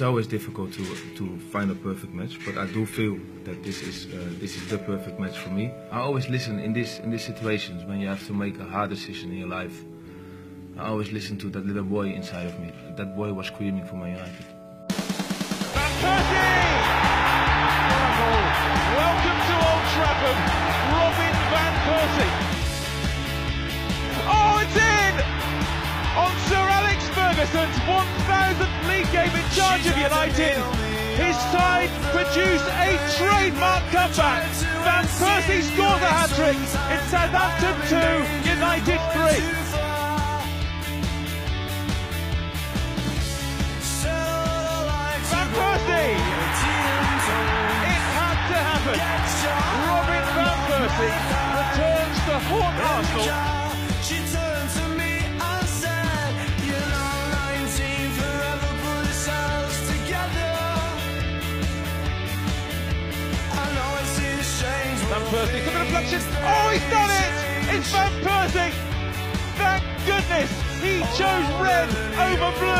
It's always difficult to to find a perfect match, but I do feel that this is uh, this is the perfect match for me. I always listen in this in these situations when you have to make a hard decision in your life. I always listen to that little boy inside of me. That boy was screaming for my United. Van Persie! Welcome to Old Trafford, Robin Van Persie. Oh, it's in! On Sir Alex Ferguson's 1,000th of United. His side produced a trademark comeback. Van Persie scored the hat-trick. It's Southampton 2, United 3. Van Persie! It had to happen. Robin Van Persie returns to haunt Arsenal. Van Persie. Oh, he's done it! It's Van Persie! Thank goodness he chose red over blue!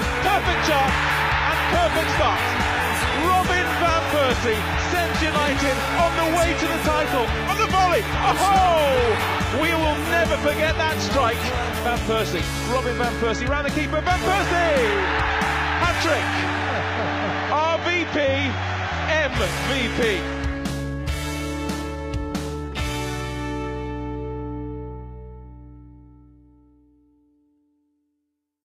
perfect start. Robin Van Persie sends United on the way to the title. On the volley. Oh! We will never forget that strike. Van Persie. Robin Van Persie round the keeper. Van Persie! Patrick, RVP. MVP.